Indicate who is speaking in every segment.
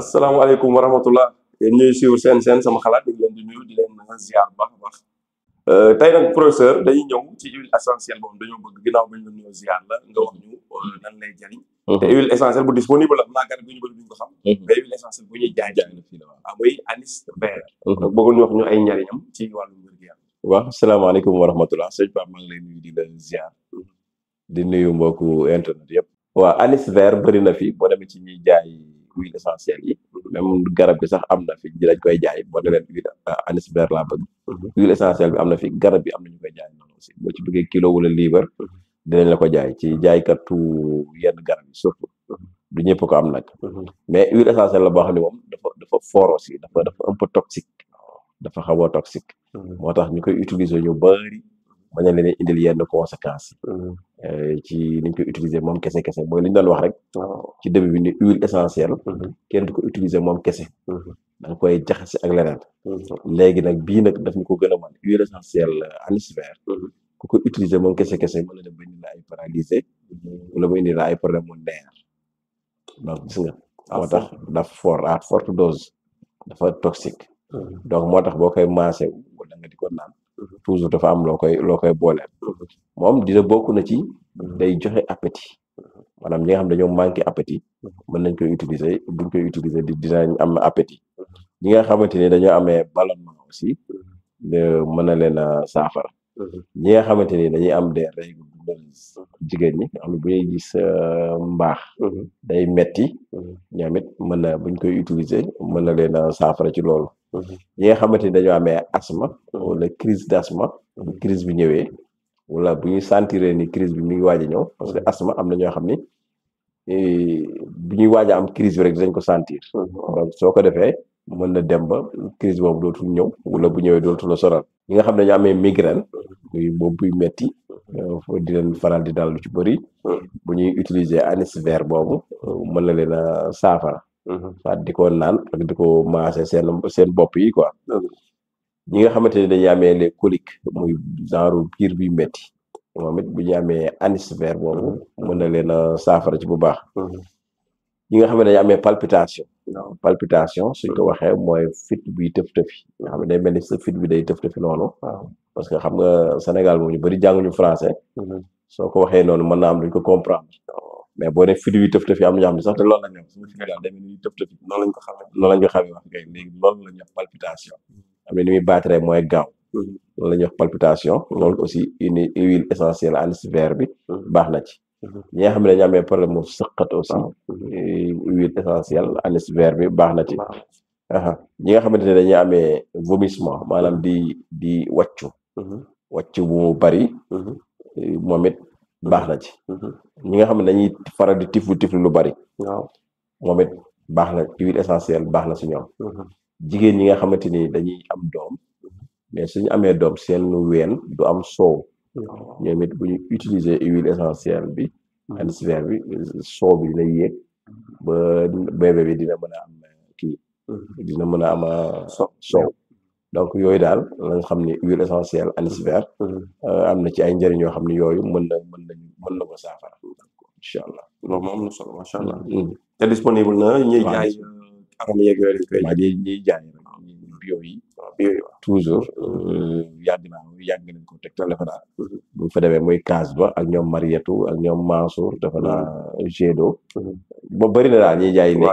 Speaker 1: asalaamaaleykum wa rahmatullah yéen ñuy suivre seen seen sama xalaat di leen di baax a baax euh, tey nag professeur dañuy ñëw ci huile essentielle boobu dañoo bëgg ginnaaw bañ la nuyoo nga wax ñu euh, nan lay jariñ mhm. te huile essentielle bu disponible la naa garab ko xam mhm. mais huile bu ñuy jaay jaay la fii la waaw mhm. ñu wax ñu ay ci wàllu wér gi
Speaker 2: yaram waaw asalaamaaleykum wa rahmatullah sëñ maa ngi lay
Speaker 1: nuyu
Speaker 2: di nuyu mbokku internet yëpp waaw anis vert bëri na fi boo demee ci ñuy jaay huile essentielle yi même garab gi sax am na fi dañ koy jaay boo demee huile ah, anis vert laa bëgg mhm. huile bi am na fi garab bi am na ñu koy jaay noonu aussi boo ci bëggee kilo wala liibar mhm. dinañ la ko jaay ci jaaykatu yenn garab yi surtout mhm. du ñëpp ko am nag mais huile essentielle la boo xam ne moom dafa dafa fort aussi dafa dafa un peu toxique dafa xaw a toxique moo tax ñu koy utiliser ñu bari bañ a leen indil yenn conséquences yi. Mm-hmm. Euh, ci ni ñu koy utiliser moom kese kese mooy li ñu doon wax rek. ci début bi ni huile essentielle. Mm-hmm. kenn du ko utiliser moom kese. Mm-hmm. da nga koy jaxase ak leneen. léegi nag bii nag daf ñu ko gën a mën huile essentielle euh, anis vert. ku ko utiliser moom kese kese mën na dem ba indi la ay paralysé. wala ba indi la ay problème mu nerf. donc gis nga. moo tax daf fort à forte dose. dafa toxique. donc moo tax boo koy maasee wala nga di ko naan. toujours dafa am loo koy loo koy boole moom dina bokk na ci day joxe appétit maanaam ñi nga xam dañoo manqué appétit mën nañ koy utiliser buñ koy utiliser di dinañ am appétit ñi nga xamante ni dañoo amee ballonnement aussi mën na leen a saafara ñi nga xamante ni dañuy am des règles douloureuses jigéen ñi xam ne bu ñuy gis euh, mbaax day metti ñoom it mën na buñ koy utiliser mën na leen a saafara ci loolu ñi nga xamante ni dañoo amee asthme wala crise d'asthme bu crise bi ñëwee wala bu ñu sentiree ni crise bi mi ngi waaj a ñëw parce que asthme am na ñoo xam ni eh, bu ñuy waaj a am crise bi rek dañ ko sentir mhm. soo ko defee mën na dem ba crise boobu dootul ñëw wala bu ñëwee dootul la sonal ñi nga xam ne dañoo amee migraine muy boobu buy metti di leen faral di daal lu ci bëri mhm. bu ñuy utiliser anisivir boobu mën na leen a saafara faat mhm. di ko naan ak di ko maase seen seen bopp yi quoi ñi nga xamante ne dañuy amee les coliques muy genre biir bi métti moom it bu ñu amee anis mën na leen saafara ci bu baax mhm. ñi nga xam dañu amee palpitation palpitation suñ ko mhm. waxee mooy fit bi tëf tëfi nga xam ne day mel bi day tëf tëfi noonu parce que xam nga Sénégal moom ñu bëri jànguñu français soo ko waxee noonu mën naa am duñ ko comprendre mais boo ne firi tëf tëf yi am ñam sax te loolu la ñam
Speaker 1: am suñu Sénégal day mel ni tëf tëf loolu lañ ko xamé
Speaker 2: loolu lañ ko xamé wax kay légui loolu lañ ñu wax palpitation am ni mi batteré moy gaaw loolu lañ ñuy wax palpitation loolu aussi une huile essentielle à vert bi bax na ci ñi xamé xam ne dañu amee problème mu sëqat aussi huile essentielle à vert bi bax na ci aha ñi nga xamé ne dañuy amee vomissement manam di di waccu mhm. waccu bu bari mhm. momit baax na ci. ñi nga xam ne dañuy faral di tiflu tiflu lu bari. waaw moom baax na huile essentielle baax na si ñoom. Mm-hmm. jigéen ñi nga xamante ni dañuy am doom mais suñu amee doom seen ween du am soow ñoomit bu ñu utiliser huile essentielle bi mm-hmm. ansiver bi soow bi dina yéeg ba bébé bi dina mën a am euh, ki mm-hmm. dina mën a ama euh, soow donc yooyu daal la xam ni huile essentielle ansiver euh, am na ci ay njëriñ yoo xam ni yooyu mën na ko saafara incha allah loolu moom am na solo macha allah mm. mm.
Speaker 1: te disponible na ñuy jaay euh, aram yeeg yooyu ñi ñiy jaay rek bio yi waaw bio yi waaw
Speaker 2: toujours euh,
Speaker 1: yàgg naa yàgg nañ ko tegtal defe naa
Speaker 2: bu fa demee muy kaas ak ñoom Marietou ak ñoom Mansour defe naa mm-hmm. Gédo mm-hmm. ba bëri daal ñiy jaay ne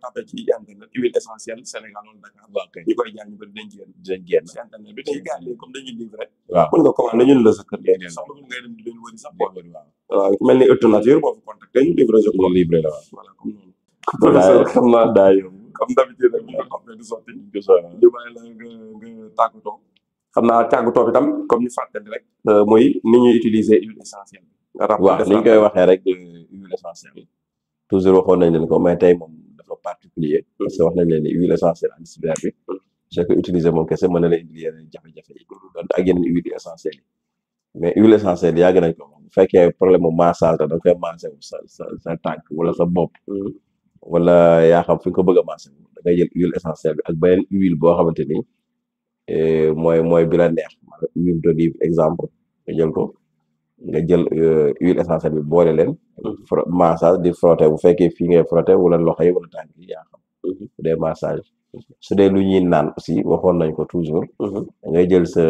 Speaker 1: tabe ci internet huile essentielle Sénégal wala Dakar ñu koy jaay ñu bëri dinañ génn dinañ génn ci internet bi tey gars yi comme dañuy livre rek mën nga commandé ñun
Speaker 2: la sa kër léegi
Speaker 1: sax mën ngay dem di leen wëri sax boo wëri waaw waaw mel ni ëttu nature boo fa contacté ñu livre sa ko livre la waaw voilà comme noonu professeur xam naa daa yow comme d'habitude rek ñu ko xam ne du sotti ñu bàyyi la nga nga tàggatoo xam naa tàggatoo bi tam comme ñu fàttali rek euh, muy ni ñuy utiliser huile essentielle waaw ni ñu koy waxee rek euh, huile essentielle
Speaker 2: toujours waxoon nañ leen ko mais tey moom particulier parce que wax nañ leen ni huile essentielle antisibère bi c'est que utiliser moom kese mën na la indil yeneen jafe-jafe yi donte mais huile essentielle yàgg nañ ko bu fekkee problème mu massage la da nga koy massé sa sa sa tànk wala sa bopp wala yaa xam fi nga ko bëgg a massé da ngay jël huile essentielle bi ak beneen huile boo xamante ni eh, mooy mooy bi la neex maanaam huile d'olive exemple ko nga jël euh, huile essentielle bi boole leen. Mm-hmm. massage di frotter bu fekkee fii ngay frotter wala loxo yi wala tànk yi yaa xam. Mm-hmm. su dee massage su dee lu ñuy naan aussi waxoon nañ ko toujours. Mm-hmm. ngay jël sa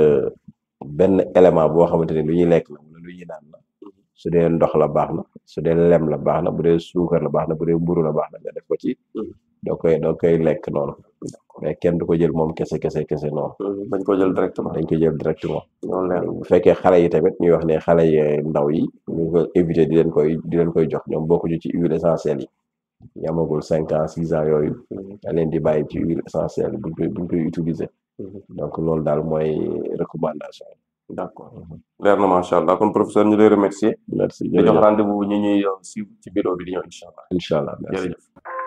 Speaker 2: benn élément boo xamante ni lu ñuy lekk la wala lu ñuy naan la. su dee ndox la baax na su dee lem la baax na bu dee suukar la baax na bu dee mburu la baax na nga def ko ci. doo koy doo koy lekk noonu. mais kenn du ko jël moom kese kese kese noonu.
Speaker 1: dañ ko jël directement dañ
Speaker 2: ko jël directement. leer bu fekkee xale yi tamit ñuy wax ne xale yi ndaw yi éviter di leen koy di leen koy jox ñoom bokkuñu ci huile essentielle yi yamagul cinq ans six ans yooyu da leen di bàyyi ci huile essentielle buñ koy buñ koy utiliser mhm. donc loolu daal mooy recommandation yi d' accord mhm. leer na macha
Speaker 1: allah kon professeur ñu lay remercier merci di jox ñuy euh, suivre ci bi di ñëw incha allah